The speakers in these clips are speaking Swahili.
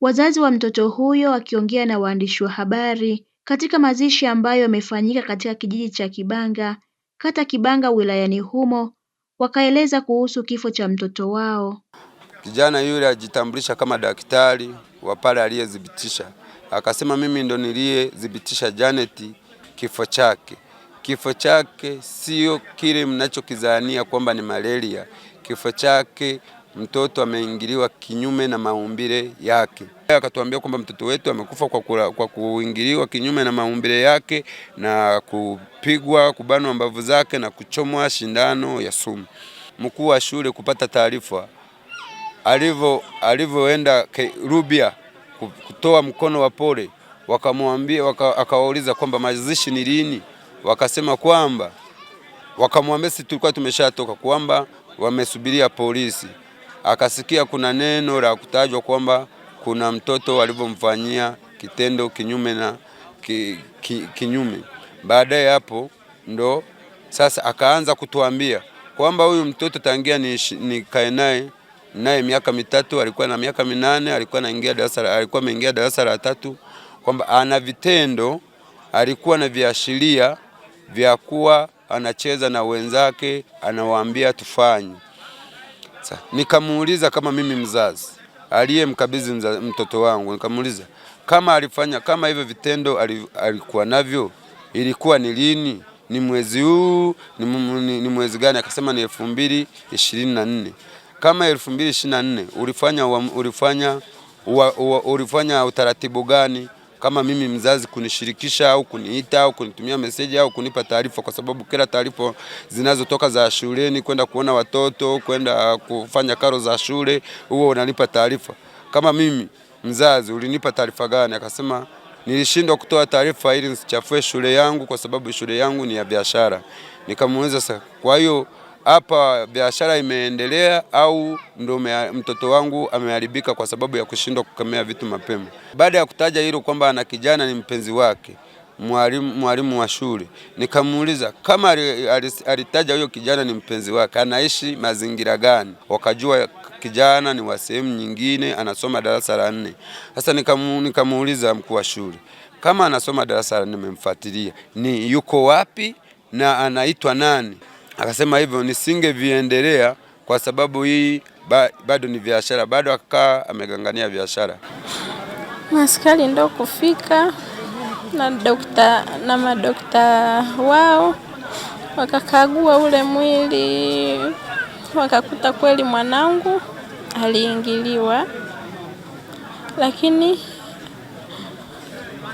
Wazazi wa mtoto huyo wakiongea na waandishi wa habari katika mazishi ambayo yamefanyika katika kijiji cha Kibanga, kata Kibanga wilayani humo, wakaeleza kuhusu kifo cha mtoto wao. Kijana yule ajitambulisha kama daktari wa pale aliyethibitisha, akasema mimi ndo niliyethibitisha Janeti kifo chake. Kifo chake sio kile mnachokizania kwamba ni malaria. Kifo chake mtoto ameingiliwa kinyume na maumbile yake. Akatuambia kwamba mtoto wetu amekufa kwa, kula, kwa kuingiliwa kinyume na maumbile yake na kupigwa, kubanwa mbavu zake na kuchomwa sindano ya sumu. Mkuu wa shule kupata taarifa alivyo alivyoenda Rubya kutoa mkono wa pole, wakamwambia waka, akawauliza kwamba mazishi ni lini wakasema kwamba wakamwambia, sisi tulikuwa tumeshatoka kwamba wamesubiria polisi. Akasikia kuna neno la kutajwa kwamba kuna mtoto walivyomfanyia kitendo kinyume na ki, ki, kinyume. Baadaye hapo ndo sasa akaanza kutuambia kwamba huyu mtoto tangia ni, ni kae naye naye miaka mitatu, alikuwa na miaka minane, alikuwa anaingia darasa, alikuwa ameingia darasa la tatu, kwamba ana vitendo, alikuwa na viashiria vya kuwa anacheza na wenzake, anawaambia tufanye. Nikamuuliza kama mimi mzazi aliyemkabidhi mtoto wangu, nikamuuliza kama alifanya kama hivyo vitendo alikuwa navyo, ilikuwa ni lini? Ni mwezi huu? Ni mwezi gani? Akasema ni elfu mbili ishirini na nne. Kama elfu mbili ishirini na nne ulifanya, ulifanya, ulifanya utaratibu gani? kama mimi mzazi kunishirikisha au kuniita au kunitumia meseji au kunipa taarifa, kwa sababu kila taarifa zinazotoka za shuleni kwenda kuona watoto kwenda kufanya karo za shule, huo unanipa taarifa. Kama mimi mzazi ulinipa taarifa gani? Akasema nilishindwa kutoa taarifa ili nisichafue shule yangu, kwa sababu shule yangu ni ya biashara. Nikamuuliza, kwa hiyo hapa biashara imeendelea au ndo mtoto wangu ameharibika kwa sababu ya kushindwa kukemea vitu mapema. Baada ya kutaja hilo kwamba ana kijana ni mpenzi wake mwalimu mwalimu wa shule, nikamuuliza kama alitaja huyo kijana ni mpenzi wake, anaishi mazingira gani? Wakajua kijana ni wa sehemu nyingine, anasoma darasa la nne. Sasa nikamuuliza mkuu wa shule kama anasoma darasa la nne, nimemfuatilia ni yuko wapi na anaitwa nani? akasema hivyo nisingeviendelea kwa sababu hii ba, bado ni biashara, bado akakaa amegangania biashara. Maskari ndo kufika na dokta na madokta wao wakakagua ule mwili, wakakuta kweli mwanangu aliingiliwa, lakini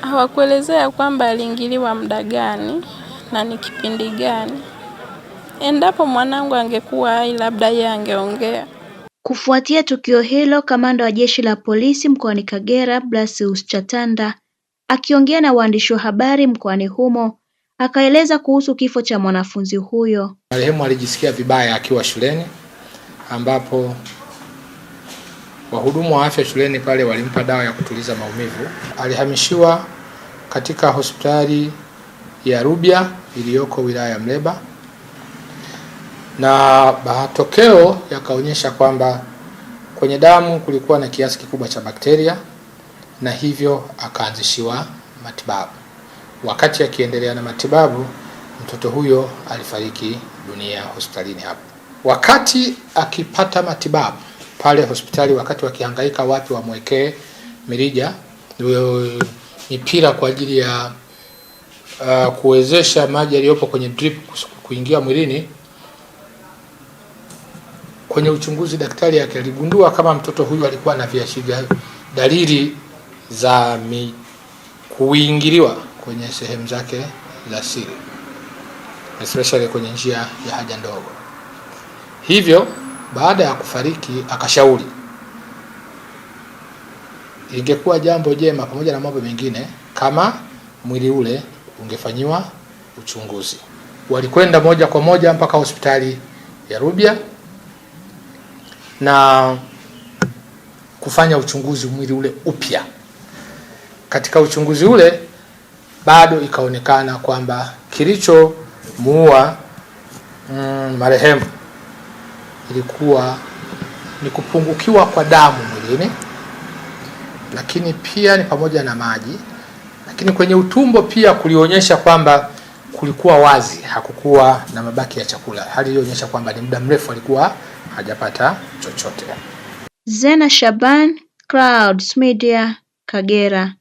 hawakuelezea kwamba aliingiliwa muda gani na ni kipindi gani. Endapo mwanangu angekuwa hai labda yeye angeongea. Kufuatia tukio hilo, kamanda wa jeshi la polisi mkoani Kagera Blasius Chatanda akiongea na waandishi wa habari mkoani humo akaeleza kuhusu kifo cha mwanafunzi huyo. Marehemu alijisikia vibaya akiwa shuleni, ambapo wahudumu wa afya shuleni pale walimpa dawa ya kutuliza maumivu. Alihamishiwa katika hospitali ya Rubya iliyoko wilaya ya Mleba na matokeo yakaonyesha kwamba kwenye damu kulikuwa na kiasi kikubwa cha bakteria, na hivyo akaanzishiwa matibabu. Wakati akiendelea na matibabu, mtoto huyo alifariki dunia hospitalini hapo. Wakati akipata matibabu pale hospitali, wakati wakihangaika wapi wamwekee mirija mipira kwa ajili ya uh, kuwezesha maji yaliyopo kwenye drip kuingia mwilini. Kwenye uchunguzi, daktari akaligundua kama mtoto huyu alikuwa na viashiria dalili za mi, kuingiliwa kwenye sehemu zake za siri especially kwenye njia ya haja ndogo. Hivyo baada ya kufariki akashauri ingekuwa jambo jema, pamoja na mambo mengine, kama mwili ule ungefanyiwa uchunguzi. Walikwenda moja kwa moja mpaka hospitali ya Rubya na kufanya uchunguzi mwili ule upya. Katika uchunguzi ule bado ikaonekana kwamba kilichomuua mm, marehemu ilikuwa ni kupungukiwa kwa damu mwilini, lakini pia ni pamoja na maji, lakini kwenye utumbo pia kulionyesha kwamba kulikuwa wazi, hakukuwa na mabaki ya chakula. Hali ilionyesha kwamba ni muda mrefu alikuwa hajapata chochote. Zena Shaban, Clouds Media, Kagera